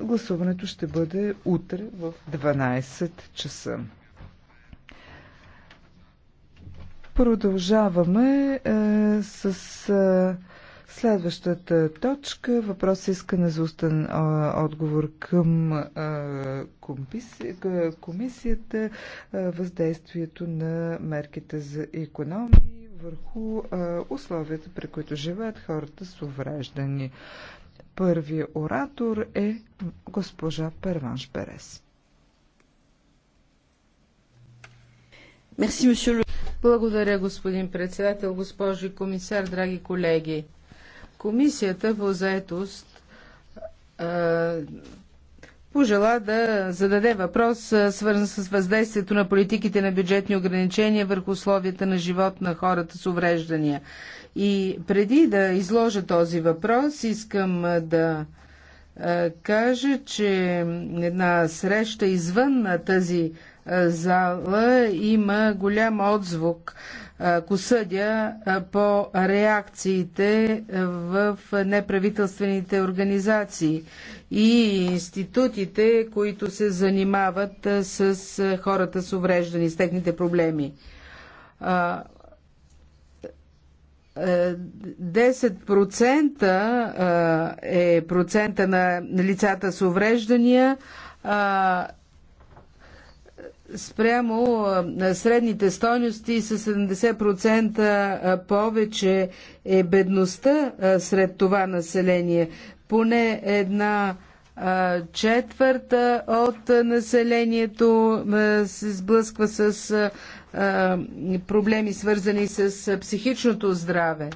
Гласуването ще бъде утре в 12 часа. Продължаваме е, с е, следващата точка. Въпрос е искане за устен е, отговор към е, комиси, е, комисията е, въздействието на мерките за економии върху е, условията, при които живеят хората с увреждани. Първи оратор е госпожа Перванш Берес. Благодаря, господин председател, госпожи комисар, драги колеги. Комисията по заетост пожела да зададе въпрос, свързан с въздействието на политиките на бюджетни ограничения върху условията на живот на хората с увреждания. И преди да изложа този въпрос, искам да кажа, че една среща извън тази зала има голям отзвук ако съдя по реакциите в неправителствените организации и институтите, които се занимават с хората с увреждани, с техните проблеми. 10% е процента на лицата с увреждания спрямо средните стойности с 70% повече е бедността сред това население. Поне една четвърта от населението се сблъсква с проблеми, свързани с психичното здраве.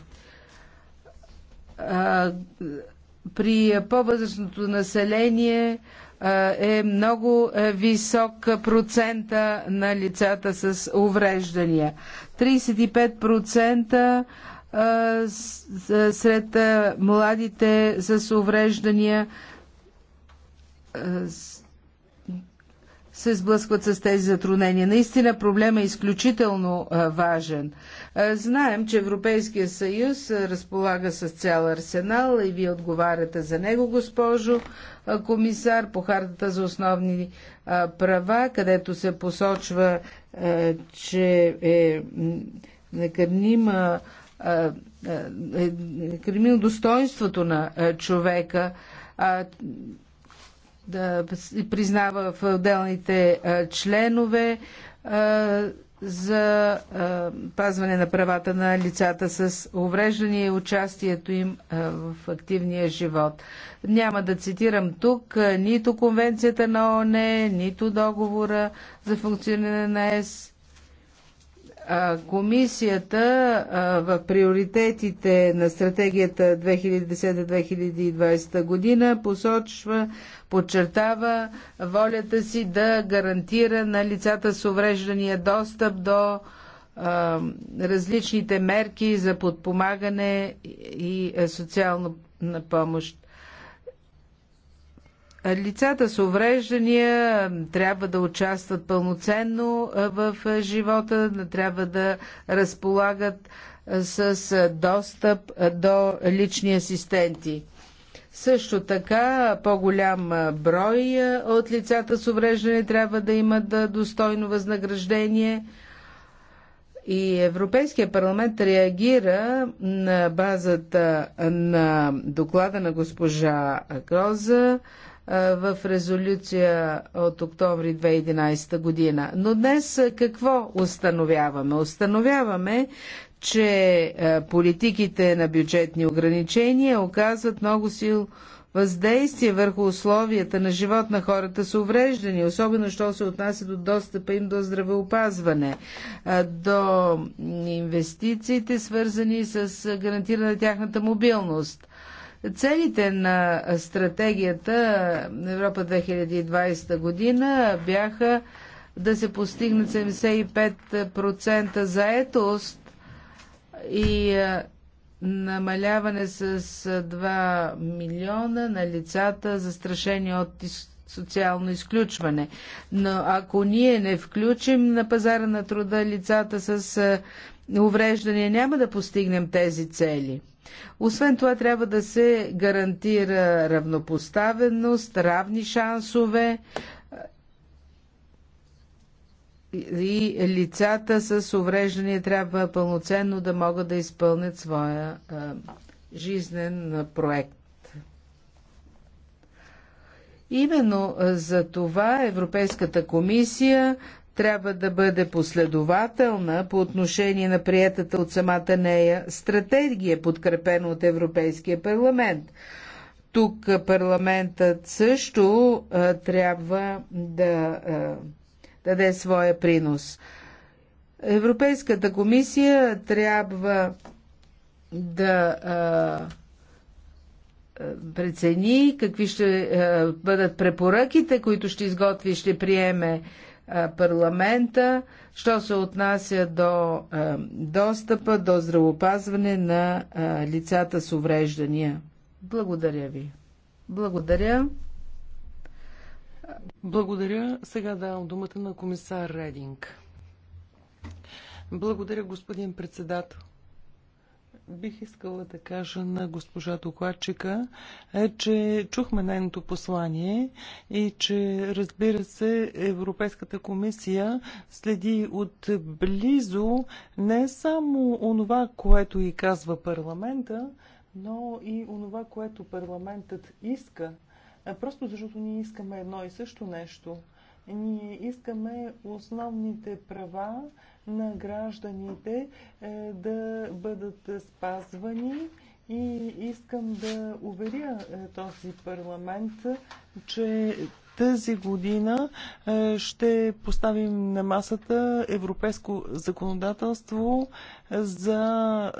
При по-възрастното население е, е много е, висок процента на лицата с увреждания. 35% е, сред младите с увреждания се сблъскват с тези затруднения. Наистина проблема е изключително важен. Знаем, че Европейския съюз разполага с цял арсенал и вие отговаряте за него, госпожо комисар, по хартата за основни права, където се посочва, че е накърнима е, е, достоинството на човека да признава в отделните членове за пазване на правата на лицата с увреждане и участието им в активния живот. Няма да цитирам тук нито конвенцията на ОНЕ, нито договора за функциониране на ЕС Комисията в приоритетите на стратегията 2010-2020 година посочва, подчертава волята си да гарантира на лицата с увреждания достъп до различните мерки за подпомагане и социална помощ. Лицата с увреждания трябва да участват пълноценно в живота, трябва да разполагат с достъп до лични асистенти. Също така по-голям брой от лицата с увреждане трябва да имат достойно възнаграждение. И Европейския парламент реагира на базата на доклада на госпожа Кроза в резолюция от октомври 2011 година. Но днес какво установяваме? Установяваме, че политиките на бюджетни ограничения оказват много сил въздействие върху условията на живот на хората с увреждани, особено що се отнася до достъпа им до здравеопазване, до инвестициите, свързани с гарантиране на тяхната мобилност. Целите на стратегията Европа 2020 година бяха да се постигнат 75% заетост и намаляване с 2 милиона на лицата, застрашени от социално изключване. Но ако ние не включим на пазара на труда лицата с увреждания, няма да постигнем тези цели. Освен това, трябва да се гарантира равнопоставеност, равни шансове и лицата с увреждания трябва пълноценно да могат да изпълнят своя жизнен проект. Именно за това Европейската комисия трябва да бъде последователна по отношение на приетата от самата нея стратегия, подкрепена от Европейския парламент. Тук парламентът също а, трябва да а, даде своя принос. Европейската комисия трябва да а, прецени какви ще е, бъдат препоръките, които ще изготви и ще приеме е, парламента, що се отнася до е, достъпа до здравопазване на лицата с увреждания. Благодаря ви. Благодаря. Благодаря. Сега давам думата на комисар Рединг. Благодаря, господин председател. Бих искала да кажа на госпожа докладчика, е, че чухме нейното послание и че, разбира се, Европейската комисия следи от близо не само онова, което и казва парламента, но и онова, което парламентът иска. Е, просто защото ние искаме едно и също нещо – ние искаме основните права на гражданите е, да бъдат спазвани и искам да уверя е, този парламент, че тази година е, ще поставим на масата европейско законодателство за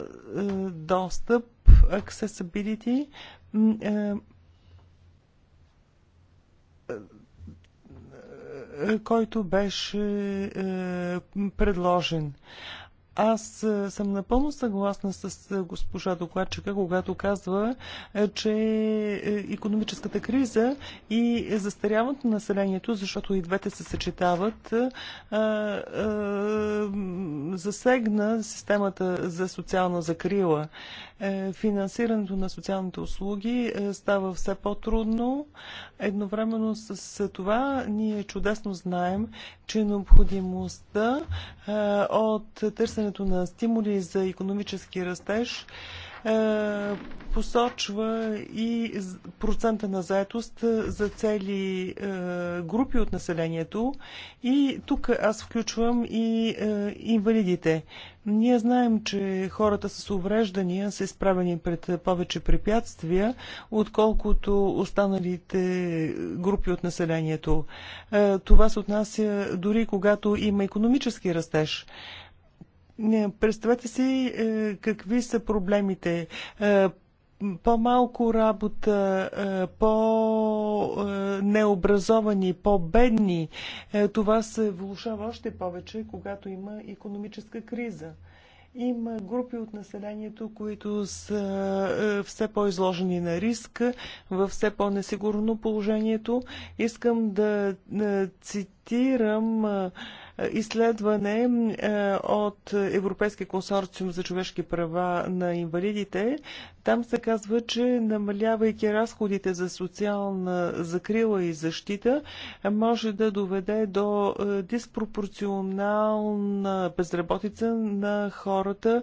достъп, accessibility, който беше е, предложен. Аз е, съм напълно съгласна с е, госпожа докладчика, когато казва, че економическата криза и застаряването на населението, защото и двете се съчетават, засегна системата за социална закрила. Е, финансирането на социалните услуги е, става все по-трудно. Едновременно с това ние чудесно знаем, че необходимостта е, от търсенето на стимули за економически растеж е, посочва и процента на заетост е, за цели е, групи от населението. И тук аз включвам и инвалидите. Ние знаем, че хората с увреждания са изправени пред повече препятствия, отколкото останалите групи от населението. Това се отнася дори когато има економически растеж. Представете си е, какви са проблемите е, по-малко работа, е, по-необразовани, по-бедни. Това се влушава още повече, когато има економическа криза. Има групи от населението, които са все по-изложени на риск, в все по-несигурно положението. Искам да цитирам изследване е, от Европейския консорциум за човешки права на инвалидите. Там се казва, че намалявайки разходите за социална закрила и защита, може да доведе до е, диспропорционална безработица на хората е,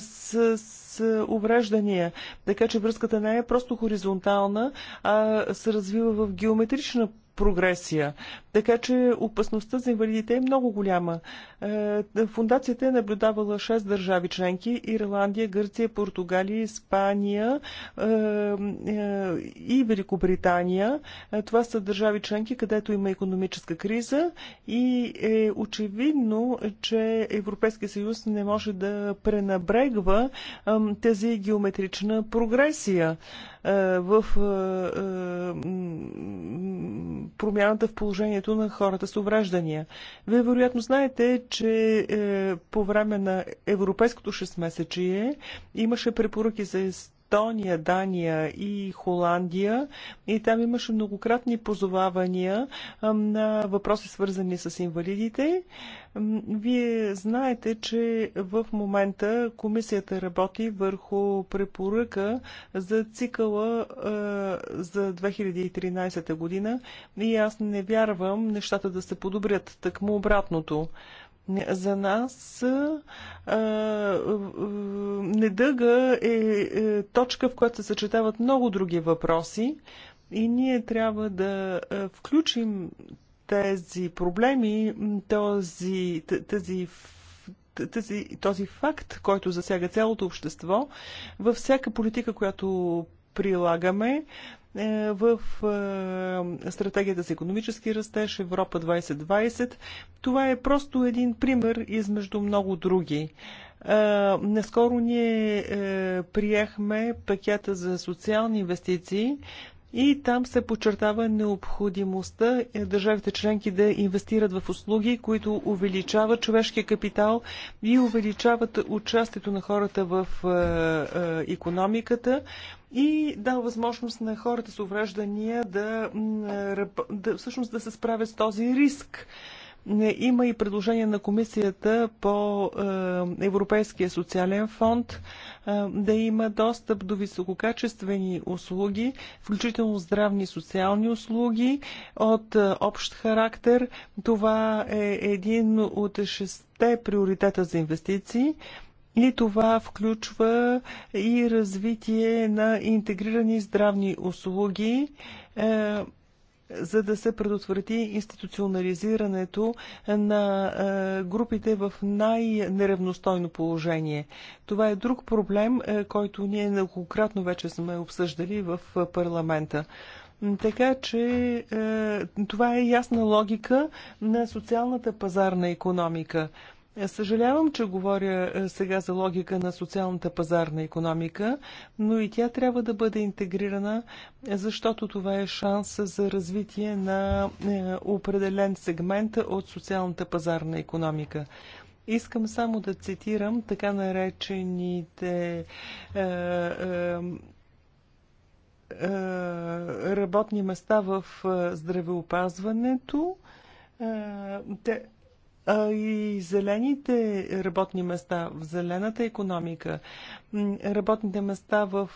с, с увреждания. Така че връзката не е просто хоризонтална, а се развива в геометрична прогресия. Така че опасността за инвалидите е много голяма. Е, фундацията е наблюдавала 6 държави членки Ирландия, Гърция, Португалия, Испания е, е, и Великобритания. Това са държави членки, където има економическа криза и е очевидно, че Европейския съюз не може да пренабрегва тази геометрична прогресия в промяната в положението на хората с увреждания. Вие вероятно знаете, че е, по време на европейското 6 месечие имаше препоръки за Естония, Дания и Холандия. И там имаше многократни позовавания на въпроси свързани с инвалидите. Вие знаете, че в момента комисията работи върху препоръка за цикъла за 2013 година и аз не вярвам нещата да се подобрят, такмо обратното. За нас а, а, недъга е, е точка, в която се съчетават много други въпроси и ние трябва да включим тези проблеми, този, тази тази, този факт, който засяга цялото общество, във всяка политика, която прилагаме, е, в е, стратегията за економически растеж Европа 2020. Това е просто един пример измежду много други. Е, наскоро ние приехме пакета за социални инвестиции. И там се подчертава необходимостта е, държавите членки да инвестират в услуги, които увеличават човешкия капитал и увеличават участието на хората в економиката е, и дава възможност на хората с увреждания да, е, да, всъщност да се справят с този риск. Има и предложение на комисията по е, Европейския социален фонд е, да има достъп до висококачествени услуги, включително здравни и социални услуги от е, общ характер. Това е един от шесте приоритета за инвестиции. И това включва и развитие на интегрирани здравни услуги за да се предотврати институционализирането на групите в най-неравностойно положение. Това е друг проблем, който ние многократно вече сме обсъждали в парламента. Така че това е ясна логика на социалната пазарна економика. Е, съжалявам, че говоря е, сега за логика на социалната пазарна економика, но и тя трябва да бъде интегрирана, е, защото това е шанс за развитие на определен сегмент от социалната пазарна економика. Искам само да цитирам така наречените е, е, работни места в здравеопазването. Те, а и зелените работни места в зелената економика, работните места в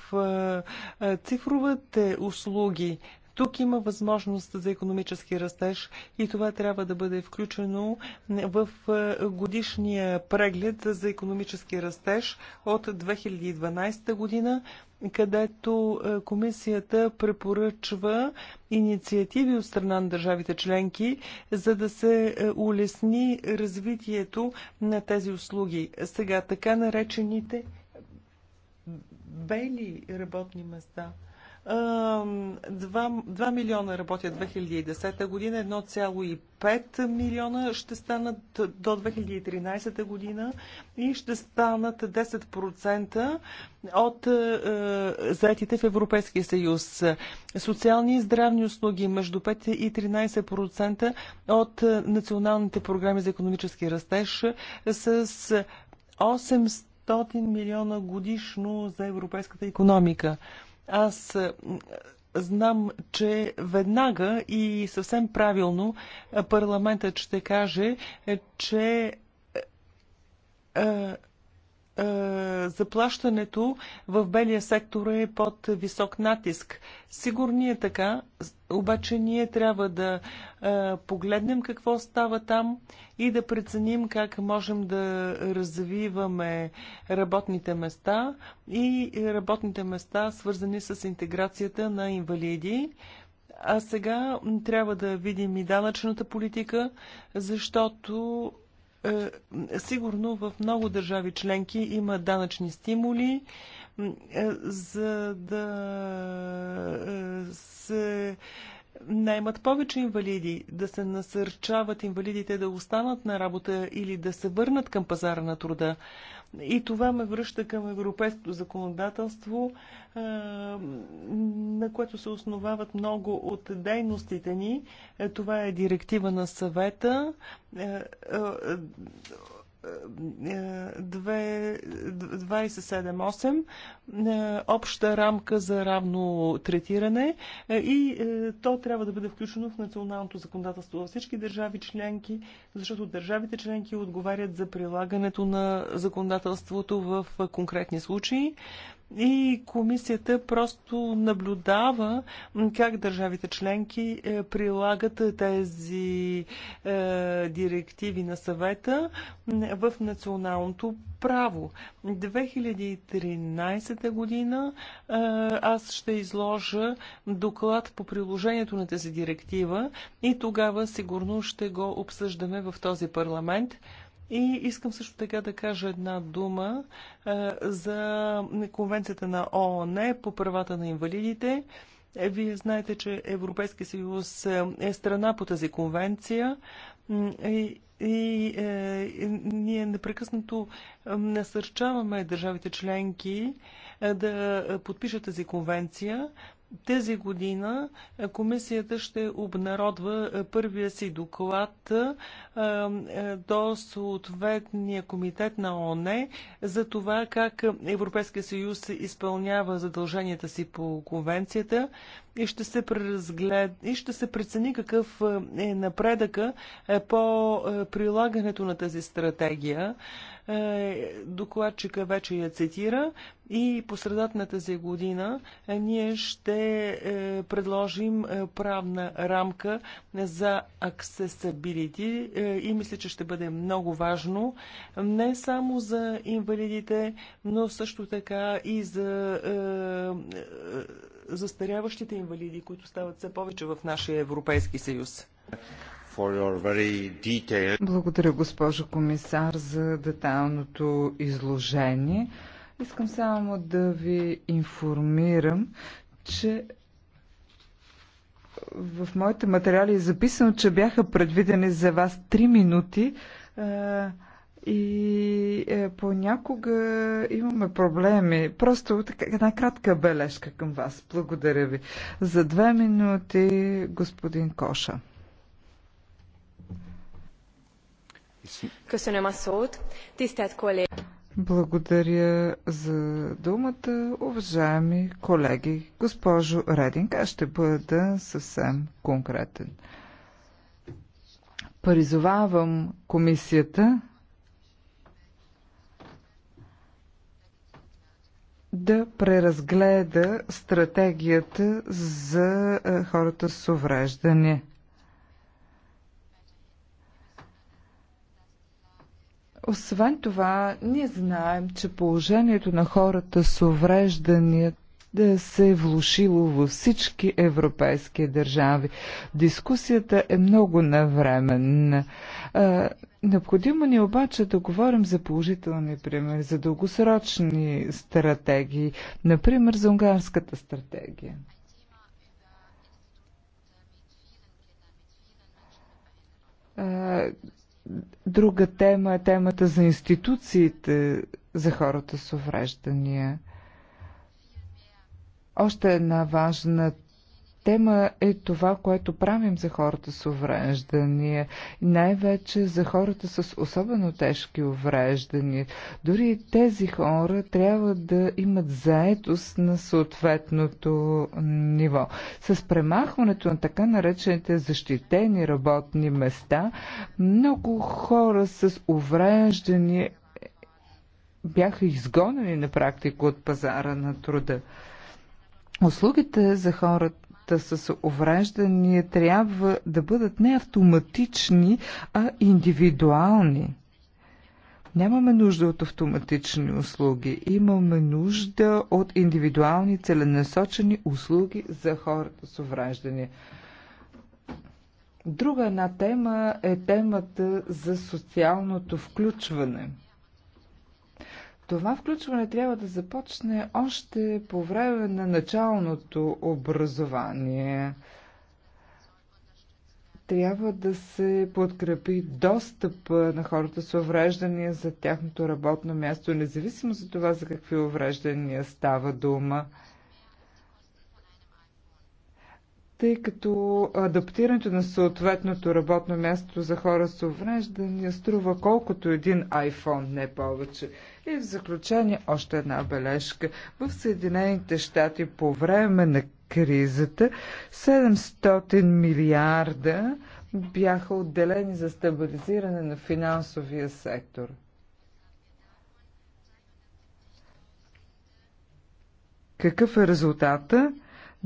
цифровите услуги. Тук има възможност за економически растеж и това трябва да бъде включено в е, годишния преглед за економически растеж от 2012 година, където е, комисията препоръчва инициативи от страна на държавите членки, за да се е, улесни развитието на тези услуги. Сега така наречените бели работни места – 2, милиона работят 2010 година, 1,5 милиона ще станат до 2013 година и ще станат 10% от е, заетите в Европейския съюз. Социални и здравни услуги между 5 и 13% от е, националните програми за економически растеж с 800 милиона годишно за европейската економика. Аз е, знам, че веднага и съвсем правилно е, парламентът ще каже, е, че заплащането в белия сектор е под висок натиск. Сигурни е така, обаче ние трябва да а, погледнем какво става там и да преценим как можем да развиваме работните места и работните места, свързани с интеграцията на инвалиди. А сега трябва да видим и данъчната политика, защото е, сигурно в много държави членки има данъчни стимули. Е, за да е, се наймат повече инвалиди, да се насърчават инвалидите да останат на работа или да се върнат към пазара на труда. И това ме връща към европейското законодателство, е, на което се основават много от дейностите ни. Това е директива на съвета 27.8 е, обща рамка за равно третиране е, и е, то трябва да бъде включено в националното законодателство във всички държави членки, защото държавите членки отговарят за прилагането на законодателството в конкретни случаи и комисията просто наблюдава как държавите членки е, прилагат тези е, директиви на съвета в националното право. 2013 година е, аз ще изложа доклад по приложението на тази директива и тогава сигурно ще го обсъждаме в този парламент. И искам също така да кажа една дума за Конвенцията на ООН по правата на инвалидите. вие знаете, че Европейския съюз е страна по тази конвенция и, и е, и ние непрекъснато насърчаваме държавите членки е, да подпишат тази конвенция. Тази година комисията ще обнародва първия си доклад до съответния комитет на ОНЕ за това как Европейския съюз изпълнява задълженията си по конвенцията и ще се преразглед... и ще се прецени какъв е, е напредъка е, по е, прилагането на тази стратегия. Докладчика вече я цитира и по средата на тази година ние ще предложим правна рамка за accessibility и мисля, че ще бъде много важно не само за инвалидите, но също така и за застаряващите инвалиди, които стават все повече в нашия Европейски съюз. Благодаря, госпожо комисар, за детайлното изложение. Искам само да ви информирам, че в моите материали е записано, че бяха предвидени за вас 3 минути. Е, и е, понякога имаме проблеми. Просто така, една кратка бележка към вас. Благодаря ви. За две минути, господин Коша. Благодаря за думата, уважаеми колеги. Госпожо Рединг, аз ще бъда съвсем конкретен. Призовавам комисията да преразгледа стратегията за е, хората с увреждане. Освен това, ние знаем, че положението на хората с уврежданията да се е влушило във всички европейски държави. Дискусията е много навременна. Необходимо ни е обаче да говорим за положителни примери, за дългосрочни стратегии, например за унгарската стратегия. Друга тема е темата за институциите за хората с увреждания. Още една важна тема е това, което правим за хората с увреждания, най-вече за хората с особено тежки увреждания. Дори тези хора трябва да имат заетост на съответното ниво. С премахването на така наречените защитени работни места, много хора с увреждания бяха изгонени на практика от пазара на труда услугите за хората с увреждания трябва да бъдат не автоматични, а индивидуални. Нямаме нужда от автоматични услуги. Имаме нужда от индивидуални целенасочени услуги за хората с увреждания. Друга една тема е темата за социалното включване – това включване трябва да започне още по време на началното образование. Трябва да се подкрепи достъп на хората с увреждания за тяхното работно място, независимо за това за какви увреждания става дума. тъй като адаптирането на съответното работно място за хора с увреждания струва колкото един iPhone, не повече. И в заключение още една бележка. В Съединените щати по време на кризата 700 милиарда бяха отделени за стабилизиране на финансовия сектор. Какъв е резултата?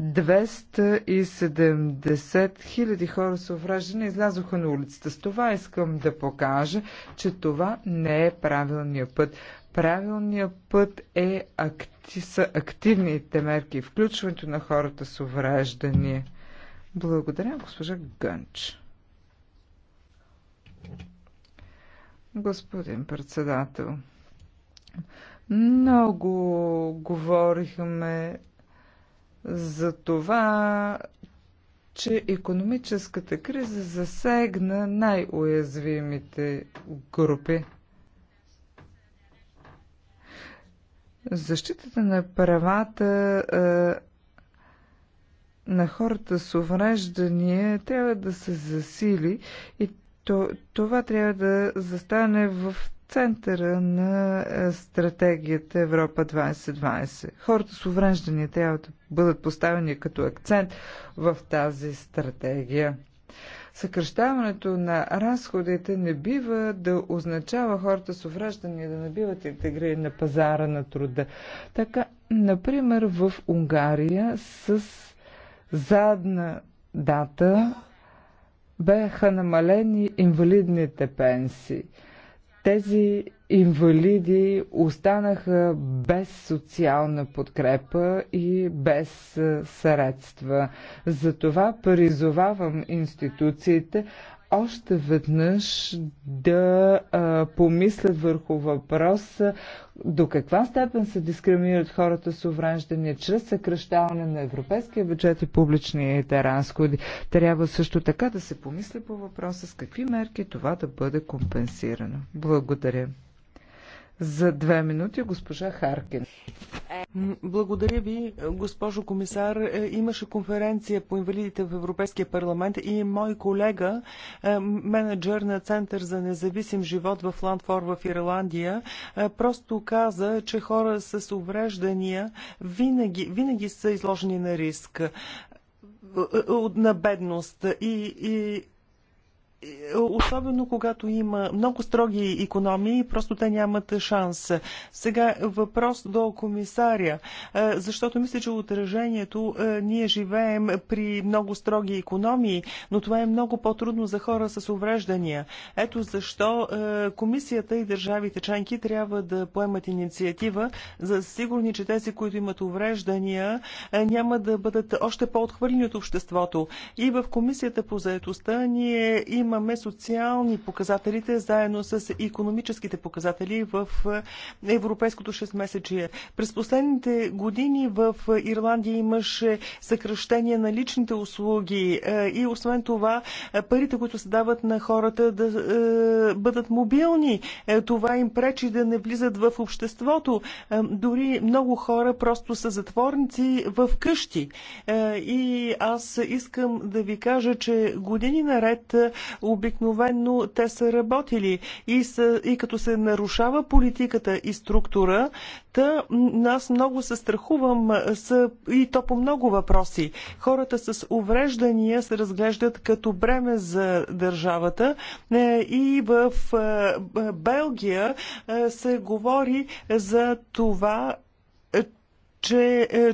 270 хиляди хора с увреждане излязоха на улицата. С това искам да покажа, че това не е правилният път. Правилният път е акти, са активните мерки, включването на хората с увреждания. Благодаря, госпожа Гънч. Господин председател, много говорихме за това, че економическата криза засегна най-уязвимите групи. Защитата на правата на хората с увреждания трябва да се засили и то, това трябва да застане в центъра на стратегията Европа 2020. Хората с увреждания трябва да бъдат поставени като акцент в тази стратегия. Съкръщаването на разходите не бива да означава хората с увреждания да не биват интегрирани на пазара на труда. Така, например, в Унгария с задна дата бяха намалени инвалидните пенсии. Тези инвалиди останаха без социална подкрепа и без средства. Затова призовавам институциите още веднъж да а, помислят върху въпроса до каква степен се дискриминират хората с увреждания чрез съкръщаване на европейския бюджет и публичните разходи. Трябва също така да се помисли по въпроса с какви мерки това да бъде компенсирано. Благодаря. За две минути госпожа Харкин. Благодаря ви, госпожо комисар. Е, имаше конференция по инвалидите в Европейския парламент и мой колега, е, менеджер на Център за независим живот в Ландфор в Ирландия, е, просто каза, че хора с увреждания винаги, винаги са изложени на риск на бедност и, и особено когато има много строги економии, просто те нямат шанс. Сега въпрос до комисаря, защото мисля, че отражението ние живеем при много строги економии, но това е много по-трудно за хора с увреждания. Ето защо комисията и държавите членки трябва да поемат инициатива, за сигурни, че тези, които имат увреждания, няма да бъдат още по-отхвърлени от обществото. И в комисията по заетостта ние има имаме социални показателите заедно с економическите показатели в е, европейското 6-месечие. През последните години в Ирландия имаше съкръщение на личните услуги е, и освен това е, парите, които се дават на хората да бъдат мобилни. Това им пречи да не влизат в обществото. Дори много хора просто са затворници в къщи. И аз искам да ви кажа, че години наред обикновенно те са работили и, са, и като се нарушава политиката и структура, Та аз много се страхувам са, и то по много въпроси. Хората с увреждания се разглеждат като бреме за държавата е, и в Белгия се говори за това, е, че е,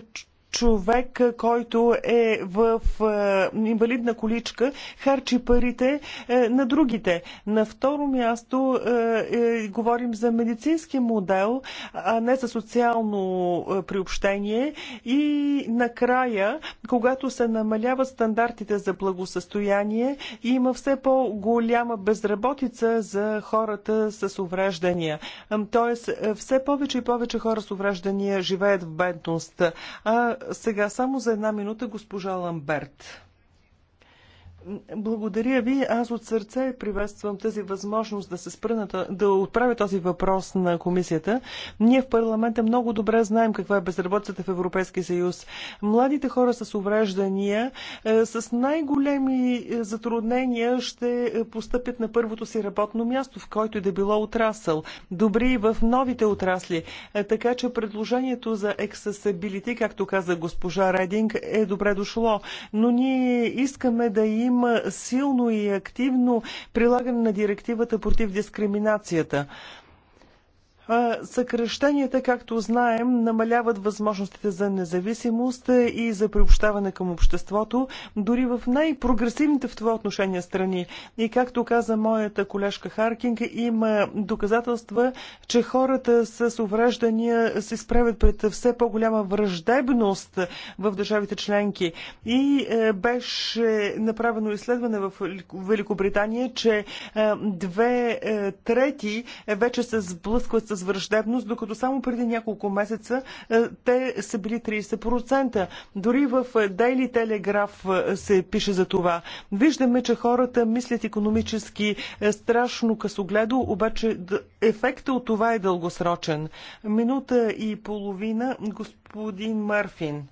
човек, който е в е, инвалидна количка, харчи парите е, на другите. На второ място е, е, говорим за медицински модел, а не за социално приобщение. И накрая, когато се намаляват стандартите за благосъстояние, има все по-голяма безработица за хората с увреждания. Тоест, все повече и повече хора с увреждания живеят в бедност. А сега само за една минута госпожа Ламберт. Благодаря ви. Аз от сърце приветствам тази възможност да се спра да отправя този въпрос на комисията. Ние в парламента много добре знаем каква е безработицата в Европейския съюз. Младите хора с увреждания е, с най-големи е, затруднения ще е, постъпят на първото си работно място, в който и е да било отрасъл. Добри в новите отрасли. Така че предложението за accessibility, както каза госпожа Рединг, е добре дошло. Но ние искаме да има има силно и активно прилагане на директивата против дискриминацията. Съкръщенията, както знаем, намаляват възможностите за независимост и за приобщаване към обществото, дори в най-прогресивните в това отношение страни. И както каза моята колежка Харкинг, има доказателства, че хората с увреждания се справят пред все по-голяма враждебност в държавите членки. И е, беше направено изследване в Великобритания, че е, две е, трети вече се сблъскват с с враждебност, докато само преди няколко месеца е, те са били 30%. Дори в Daily Telegraph е, се пише за това. Виждаме, че хората мислят економически е, страшно късогледо, обаче ефектът от това е дългосрочен. Минута и половина, господин Марфин.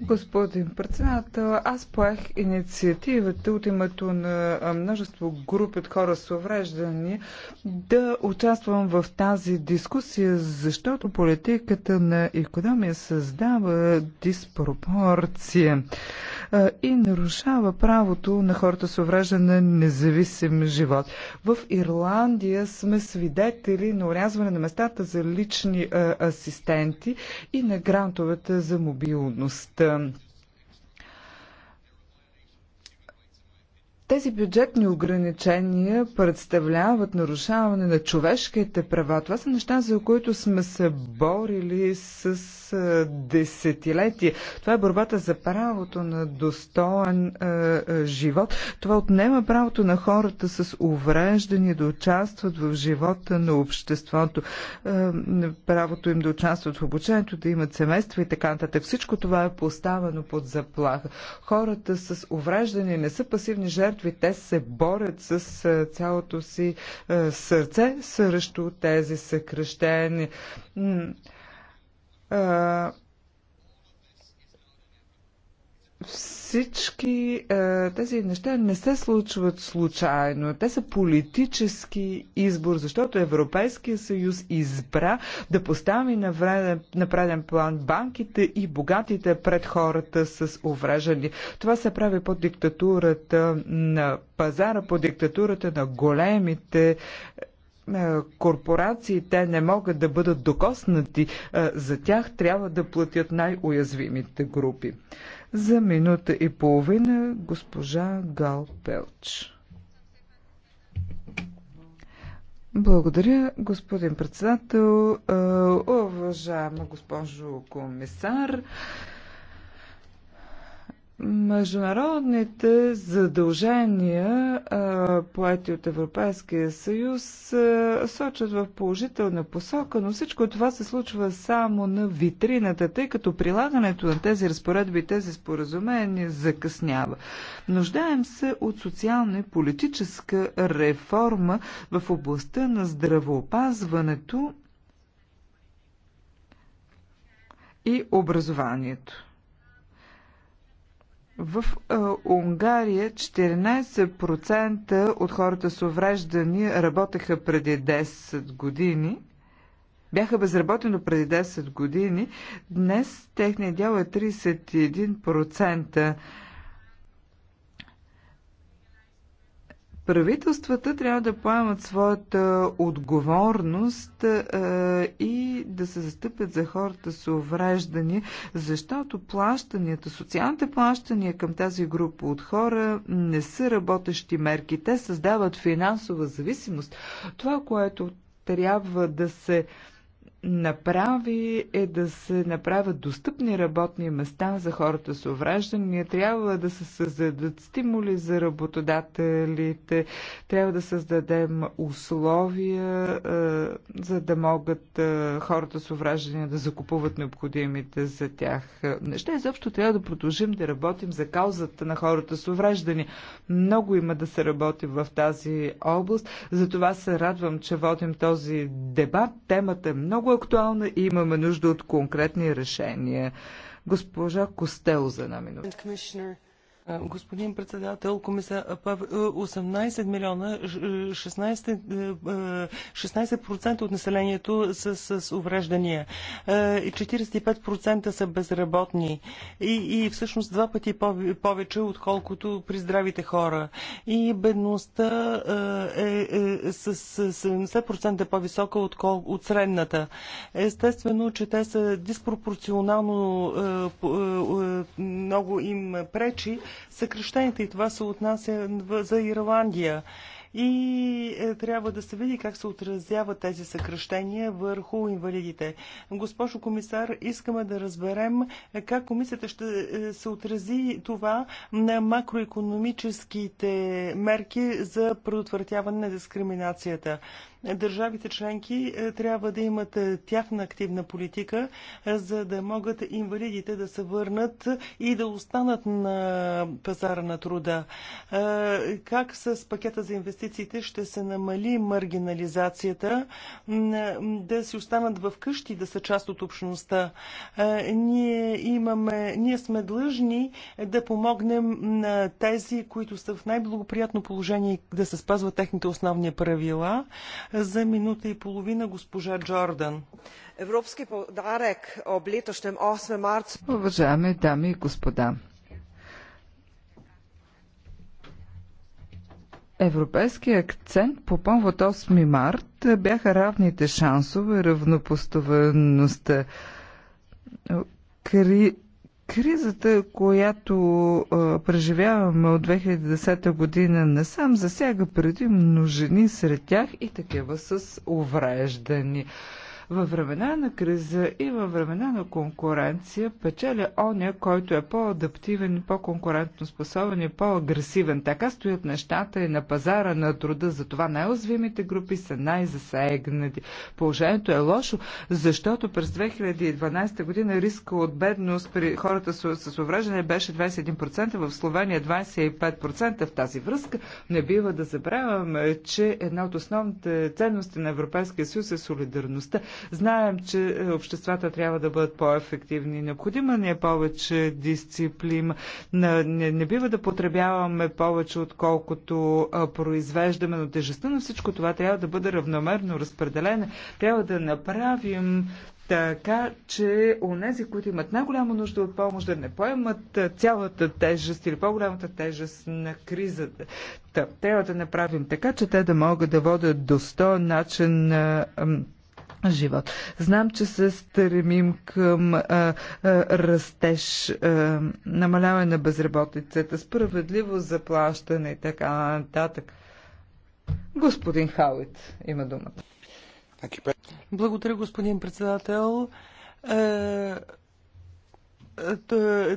Господин председател, аз поех инициативата от името на множество групи от хора с увреждани да участвам в тази дискусия, защото политиката на економия създава диспропорция и нарушава правото на хората с увреждане на независим живот. В Ирландия сме свидетели на урязване на местата за лични асистенти и на грантовете за мобилност. Тези бюджетни ограничения представляват нарушаване на човешките права. Това са неща, за които сме се борили с десетилетия. Това е борбата за правото на достоен е, е, живот. Това отнема правото на хората с увреждания да участват в живота на обществото, е, правото им да участват в обучението, да имат семейства и така нататък. Всичко това е поставено под заплаха. Хората с увреждания не са пасивни жертви жертви. Те се борят с цялото си сърце срещу тези съкръщени. Всички а, е, тези неща не се случват случайно. Те са политически избор, защото Европейския съюз избра да постави на, вреден, на преден план банките и богатите пред хората с увреждане. Това се прави под диктатурата на пазара, под диктатурата на големите е, корпорации, те не могат да бъдат докоснати. Е, за тях трябва да платят най-уязвимите групи. За минута и половина госпожа Гал Пелч. Благодаря, господин председател. Е, уважаема госпожо комисар, Международните задължения, поети от Европейския съюз, сочат в положителна посока, но всичко това се случва само на витрината, тъй като прилагането на тези разпоредби и тези споразумения закъснява. Нуждаем се от социална и политическа реформа в областта на здравоопазването и образованието. В а, Унгария 14% от хората с увреждания работеха преди 10 години. Бяха безработени преди 10 години. Днес техният дял е 31%. Правителствата трябва да поемат своята отговорност а, е, и да се застъпят за хората с увреждания, защото плащанията, социалните плащания към тази група от хора не са работещи мерки. Те създават финансова зависимост. Това, което трябва да се а, направи е да се направят достъпни работни места за хората с увреждания, трябва да се създадат стимули за работодателите, трябва да създадем условия, е, за да могат е, хората с увреждания да закупуват необходимите за тях е, неща. Изобщо трябва да продължим да работим за каузата на хората с увреждания. Много има да се работи в тази област, затова се радвам, че водим този дебат. Темата е много актуална и имаме нужда от конкретни решения. Госпожа Костел за една минута. Господин председател, комисар, 18 е, милиона, 16%, 16 е, е, от населението са с увреждания, 45% са безработни и, и всъщност два пъти повече, отколкото при здравите хора. И бедността е, е с 70% по-висока от, от средната. Естествено, че те са диспропорционално е, е, много им пречи съкръщените и това се отнася за Ирландия. И е, трябва да се види как се отразяват тези съкръщения върху инвалидите. Госпожо комисар, искаме да разберем е, как комисията ще е, се отрази това на макроекономическите мерки за предотвратяване на дискриминацията. Държавите членки е, трябва да имат е, тяхна активна политика, е, за да могат инвалидите да се върнат и да останат на пазара на труда. Как с пакета за инвестициите ще се намали маргинализацията, да си останат в къщи, да са част от общността? Ние, имаме, ние сме длъжни да помогнем на тези, които са в най-благоприятно положение да се спазват техните основни правила. За минута и половина госпожа Джордан. Европски подарък об летошнем 8 марта. Уважаеми дами и господа, Европейски акцент по повод 8 март бяха равните шансове, равнопоставеността. Кризата, която а, преживяваме от 2010 година насам, засяга предимно жени сред тях и такива с увреждани. Във времена на криза и във времена на конкуренция печеля оня, който е по-адаптивен, по-конкурентно способен и по-агресивен. Така стоят нещата и на пазара на труда. Затова най-озвимите групи са най-засегнати. Положението е лошо, защото през 2012 година риска от бедност при хората с, с увреждане беше 21%, в Словения 25%. В тази връзка не бива да забравяме, че една от основните ценности на Европейския съюз е солидарността. Знаем, че е, обществата трябва да бъдат по-ефективни. Необходима ни е повече дисциплина. Не, не бива да потребяваме повече, отколкото произвеждаме, но тежестта на всичко това трябва да бъде равномерно разпределена. Трябва да направим така че онези, които имат най-голяма нужда от помощ, да не поемат цялата тежест или по-голямата тежест на кризата. Та, трябва да направим така, че те да могат да водят достоен начин на живот. Знам, че се стремим към а, а, растеж, а, намаляване на безработицата, справедливо заплащане и така нататък. Господин Хауит има думата. Благодаря, господин председател. Е,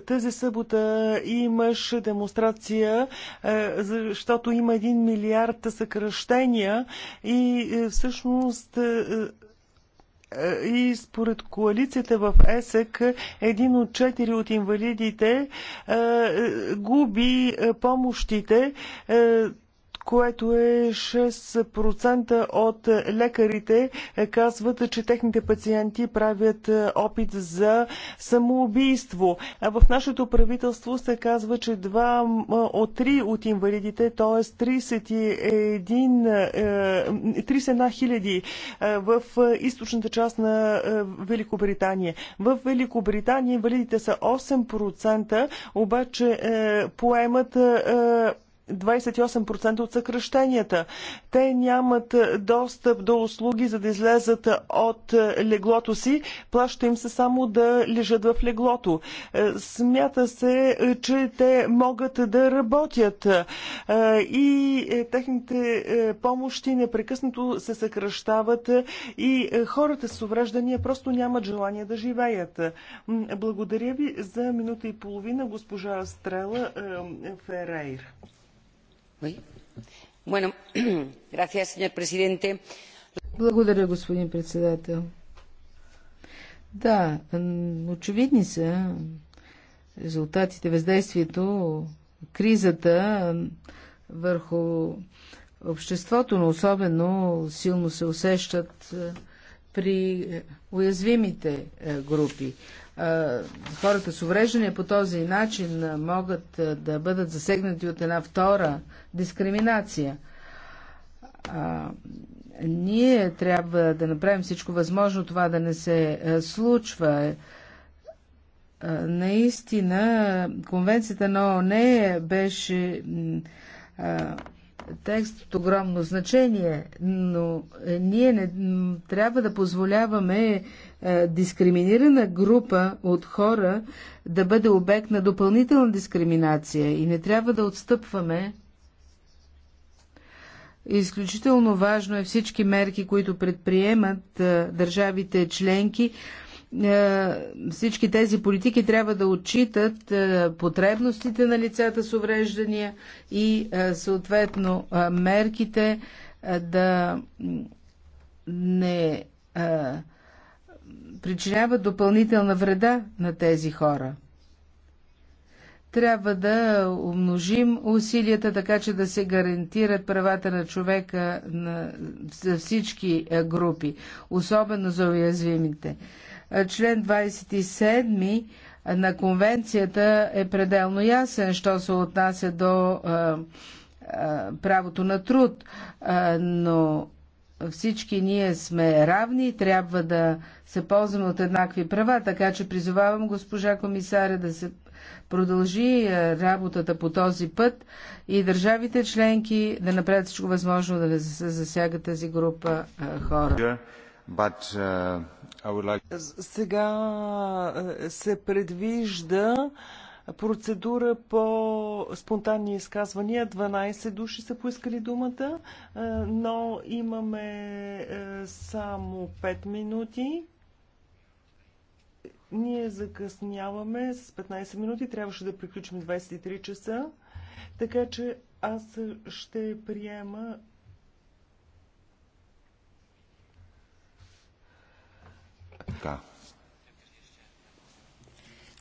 тази събота имаш демонстрация, е, защото има един милиард съкръщения и е, всъщност е, и според коалицията в ЕСЕК един от четири от инвалидите е, е, губи помощите което е 6% от лекарите е, казват, че техните пациенти правят е, опит за самоубийство. А в нашето правителство се казва, че 2 от 3 от инвалидите, т.е. 31, 31 е, хиляди в източната част на Великобритания. В Великобритания инвалидите са 8%, обаче поемат 28% от съкръщенията. Те нямат е, достъп до услуги, за да излезат е, от е, леглото си. Плаща им се само да лежат в леглото. Смята се, че те могат да работят и техните помощи непрекъснато се съкръщават и хората с увреждания просто нямат желание да живеят. Благодаря ви за минута и половина, госпожа Стрела Ферейр. Благодаря, господин председател. Да, очевидни са резултатите, въздействието, кризата върху обществото, но особено силно се усещат при уязвимите е, групи хората с увреждания по този начин могат да бъдат засегнати от една втора дискриминация. А, ние трябва да направим всичко възможно това да не се случва. Наистина, конвенцията на ОНЕ беше текст от огромно значение, но е, ние не трябва да позволяваме е, дискриминирана група от хора да бъде обект на допълнителна дискриминация и не трябва да отстъпваме. Изключително важно е всички мерки, които предприемат е, държавите членки, е, всички тези политики трябва да отчитат е, потребностите на лицата с увреждания и е, съответно мерките да не причиняват допълнителна вреда на тези хора трябва да умножим усилията, така че да се гарантират правата на човека на, за всички групи, особено за уязвимите. Член 27 на конвенцията е пределно ясен, що се отнася до правото на труд, но всички ние сме равни и трябва да се ползваме от еднакви права, така че призовавам госпожа комисаря да се продължи работата по този път и държавите членки да направят всичко възможно да не се засяга тази група хора. Uh, сега е, се предвижда процедура по спонтанни изказвания. 12 души са поискали думата, е, но имаме е, само 5 минути. Ние закъсняваме с 15 минути. Трябваше да приключим 23 часа. Така че аз ще приема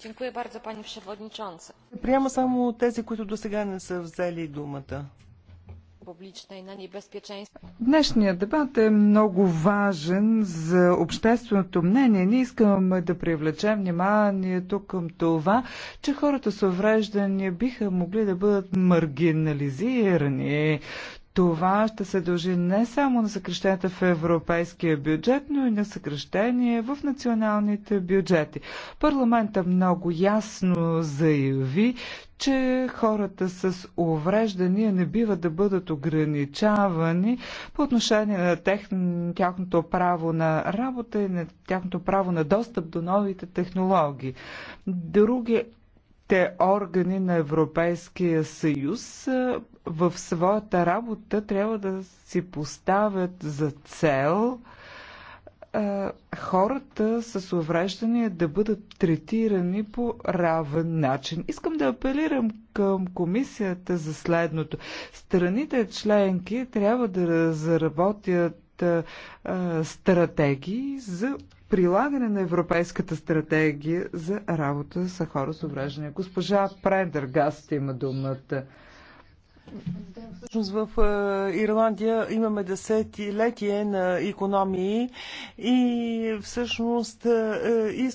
Dziękuję bardzo, panie przewodniczący. Приема само тези, които до сега не са взели думата. Днешният дебат е много важен за общественото мнение. Ние искаме да привлечем вниманието към това, че хората с увреждания биха могли да бъдат маргинализирани. Това ще се дължи не само на съкрещенията в европейския бюджет, но и на съкрещение в националните бюджети. Парламента много ясно заяви, че хората с увреждания не бива да бъдат ограничавани по отношение на тех, тяхното право на работа и на тяхното право на достъп до новите технологии. Други те органи на Европейския съюз в своята работа трябва да си поставят за цел хората с увреждания да бъдат третирани по равен начин. Искам да апелирам към комисията за следното. Страните членки трябва да заработят стратегии за прилагане на Европейската стратегия за работа с хора с увреждания. Госпожа Прендергаст има думата. Всъщност в е, Ирландия имаме десетилетие на економии и всъщност е, е,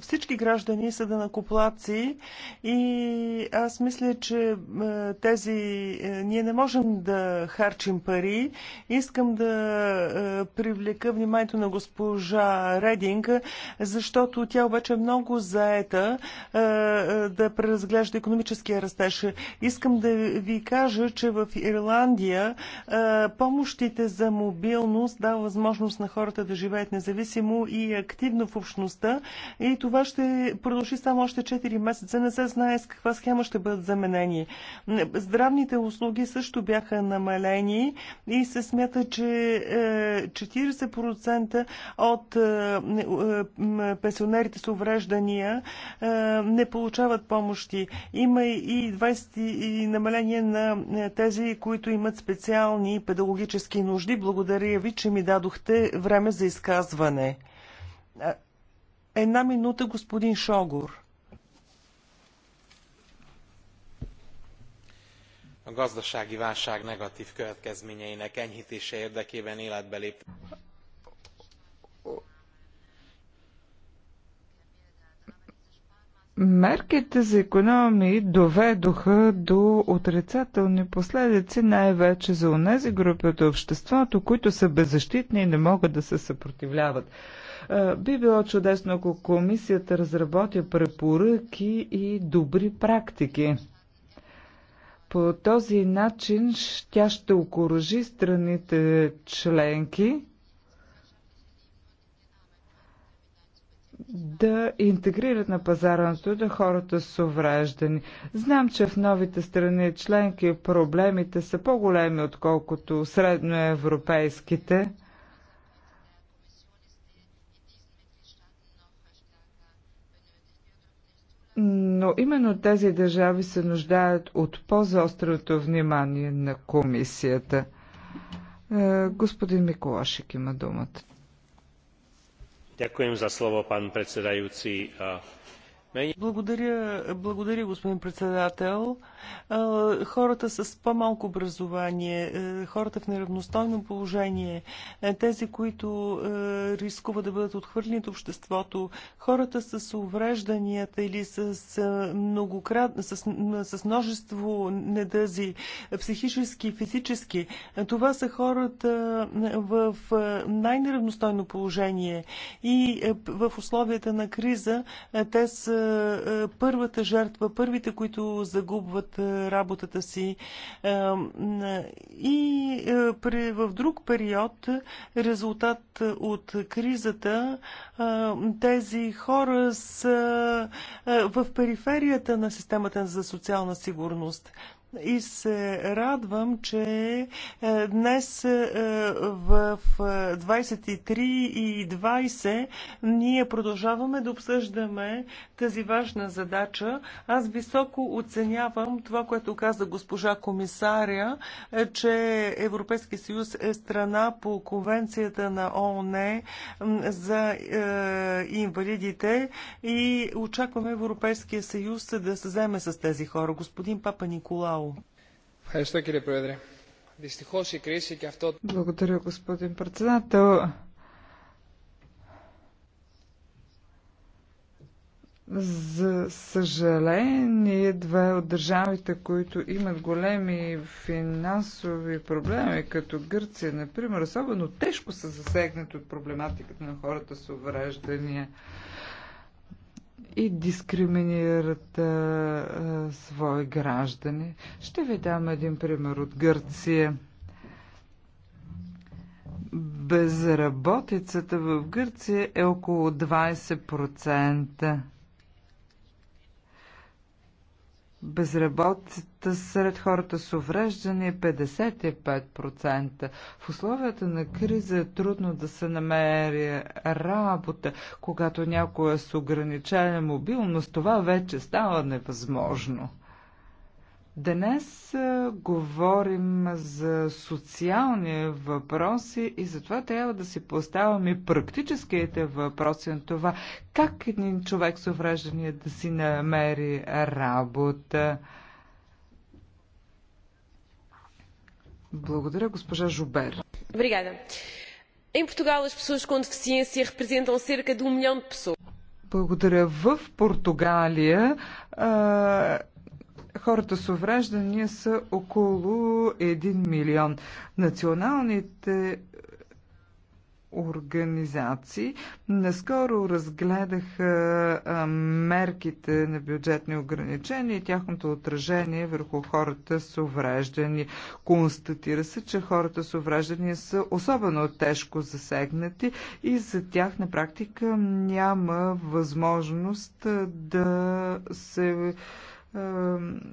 всички граждани са данакоплаци и аз мисля, че тези... Ние не можем да харчим пари. Искам да привлека вниманието на госпожа Рединг, защото тя обаче е много заета да преразглежда економическия растеж Искам да ви кажа, че в Ирландия помощите за мобилност дава възможност на хората да живеят независимо и активно в общността и това ще продължи само още 4 месеца. Не се знае с каква схема ще бъдат заменени. Здравните услуги също бяха намалени и се смята, че 40% е, от е, е, пенсионерите с увреждания не получават помощи. Има и 20 и намаление на е, тези, които имат специални педагогически нужди. Благодаря ви, че ми дадохте време за изказване. Една минута, господин Шогор. a gazdasági válság negatv következményeinek enyhtése érdekében életbe lépett. Мерките за економии доведоха до отрицателни последици най-вече за онези групи от обществото, които са беззащитни и не могат да се съпротивляват. Е, би било чудесно, ако комисията разработи препоръки и добри практики. По този начин тя ще окоръжи страните членки да интегрират на пазара на труда хората с увреждани. Знам, че в новите страни членки проблемите са по-големи, отколкото средноевропейските. Но именно тези държави се нуждаят от по-заостреното внимание на комисията. Е, господин Миколашик има думата ďakujem za slovo pán predsedajúci vážená pani komisárka благодаря, благодаря, господин председател. Хората с по-малко образование, хората в неравностойно положение, тези, които рискуват да бъдат отхвърлени от обществото, хората с уврежданията или с, многократ... с, с множество недъзи, психически, физически, това са хората в най-неравностойно положение и в условията на криза те са първата жертва, първите, които загубват работата си. И в друг период, резултат от кризата, тези хора са в периферията на системата за социална сигурност и се радвам, че е, днес е, в 23 е, и 20 ние продължаваме да обсъждаме тази важна задача. Аз високо оценявам това, което каза госпожа комисаря, че Европейски съюз е страна по конвенцията на ООН за инвалидите и очакваме Европейския съюз да се вземе с тези хора. Господин Папа Николао, благодаря, господин председател. За съжаление, две от държавите, които имат големи финансови проблеми, като Гърция, например, особено тежко са засегнати от проблематиката на хората с увреждания и дискриминират а, а, свои граждани. Ще ви дам един пример от Гърция. Безработицата в Гърция е около 20%. Безработицата сред хората с увреждане е 55%. В условията на криза е трудно да се намери работа. Когато някой е с ограничена мобилност, това вече става невъзможно. Днес говорим за социални въпроси и затова трябва да си поставяме практическите въпроси на това как един човек с увреждания да си намери работа. Благодаря, госпожа Жубер. Obrigada. Em Portugal, as pessoas com deficiência representam cerca de um milhão de pessoas. Благодаря. В Португалия а, хората с увреждания са около 1 милион. Националните организации наскоро разгледаха мерките на бюджетни ограничения и тяхното отражение върху хората с увреждани. Констатира се, че хората с увреждания са особено тежко засегнати и за тях на практика няма възможност да се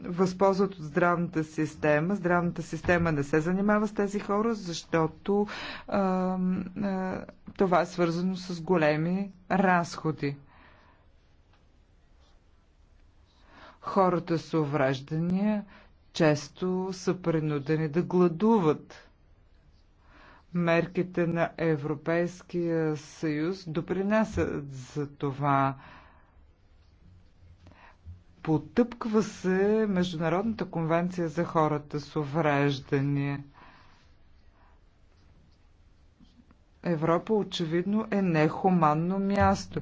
възползват от здравната система. Здравната система не се занимава с тези хора, защото а, а, това е свързано с големи разходи. Хората с увреждания често са принудени да гладуват. Мерките на Европейския съюз допринасят за това. Потъпква се Международната конвенция за хората с увреждания. Европа очевидно е нехуманно място.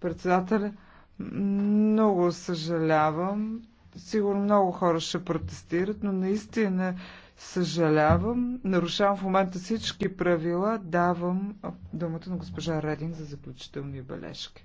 Председателя, много съжалявам. Сигурно много хора ще протестират, но наистина съжалявам. Нарушавам в момента всички правила. Давам думата на госпожа Редин за заключителни бележки.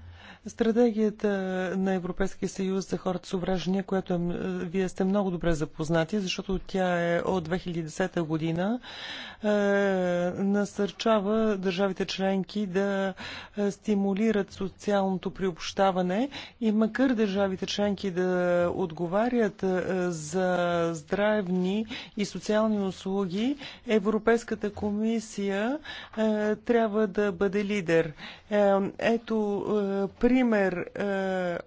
Стратегията на Европейския съюз за хората с увреждания, която е, вие сте много добре запознати, защото тя е от 2010 година, е, насърчава държавите членки да е, стимулират социалното приобщаване и макар държавите членки да отговарят е, за здравни и социални услуги, Европейската комисия е, трябва да бъде лидер. Е, ето, при е, Например, е,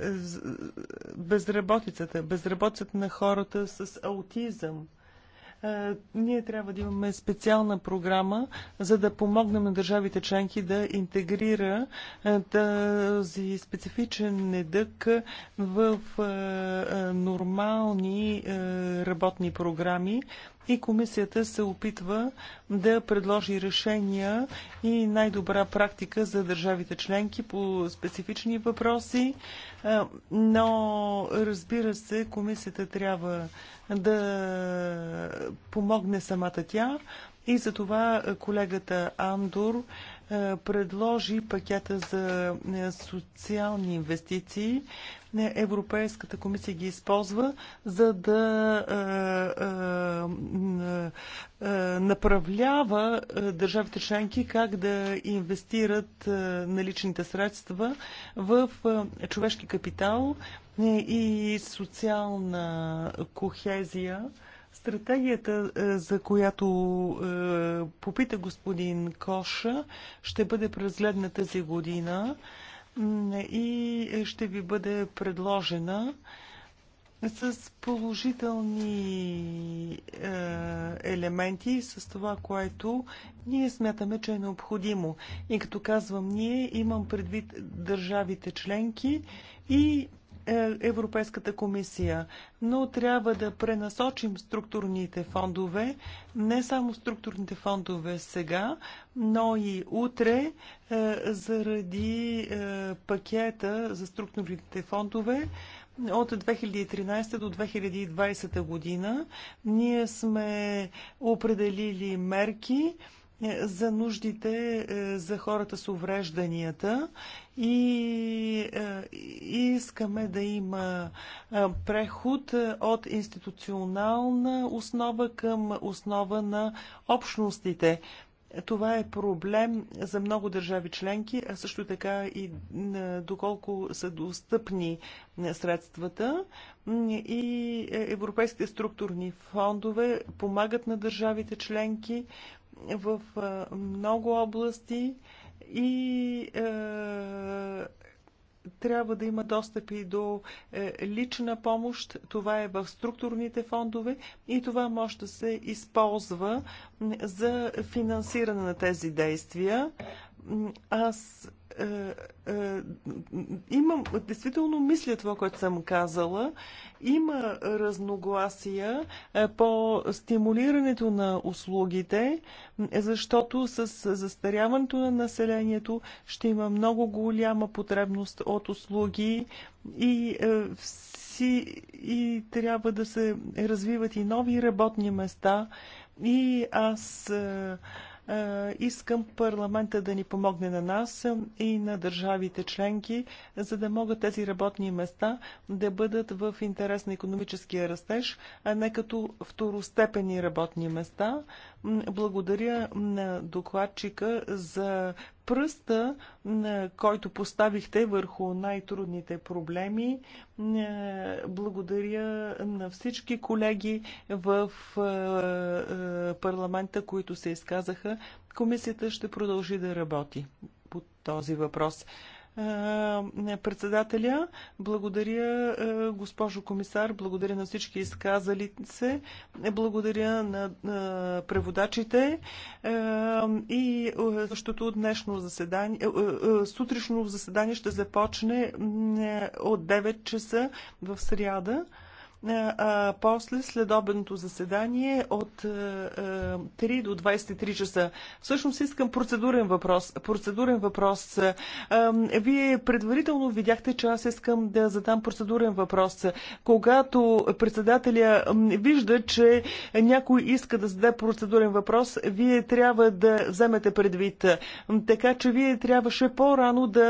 е, безработицата, безработицата на хората с аутизъм. Е, ние трябва да имаме специална програма, за да помогнем на държавите членки да интегрира този специфичен недък в нормални работни програми, и комисията се опитва да предложи решения и най-добра практика за държавите членки по специфични въпроси, но разбира се, комисията трябва да помогне самата тя и за това колегата Андор предложи пакета за социални инвестиции, не, Европейската комисия ги използва, за да а, е, а, е, е, направлява държавите членки как да инвестират наличните средства в човешки капитал и социална кохезия. Стратегията, за която попита господин Коша, ще бъде през тази година и ще ви бъде предложена с положителни е, елементи, с това, което ние смятаме, че е необходимо. И като казвам ние, имам предвид държавите членки и е, Европейската комисия, но трябва да пренасочим структурните фондове, не само структурните фондове сега, но и утре, е, заради е, пакета за структурните фондове, от 2013 до 2020 година ние сме определили мерки е, за нуждите е, за хората с уврежданията и е, искаме да има преход от институционална основа към основа на общностите. Това е проблем за много държави членки, а също така и доколко са достъпни средствата. И европейските структурни фондове помагат на държавите членки в много области и а, трябва да има достъп и до е, лична помощ. Това е в структурните фондове и това може да се използва за финансиране на тези действия. Аз е, е, имам, действително мисля това, което съм казала. Има разногласия е, по стимулирането на услугите, защото с застаряването на населението ще има много голяма потребност от услуги и си и трябва да се развиват и нови работни места. И аз е, искам парламента да ни помогне на нас и на държавите членки, за да могат тези работни места да бъдат в интерес на економическия растеж, а не като второстепени работни места. Благодаря на докладчика за пръста, е, който поставихте върху най-трудните проблеми. Е, благодаря на всички колеги в е, парламента, които се изказаха. Комисията ще продължи да работи по този въпрос. Е, председателя. Благодаря, е, госпожо комисар. Благодаря на всички изказали се. Благодаря на е, преводачите. И същото днешно заседание, сутрешно заседание ще започне от 9 часа в сряда а после следобедното заседание от 3 до 23 часа. Всъщност искам процедурен въпрос. Процедурен въпрос. Вие предварително видяхте, че аз искам да задам процедурен въпрос. Когато председателя вижда, че някой иска да зададе процедурен въпрос, вие трябва да вземете предвид. Така че вие трябваше по-рано да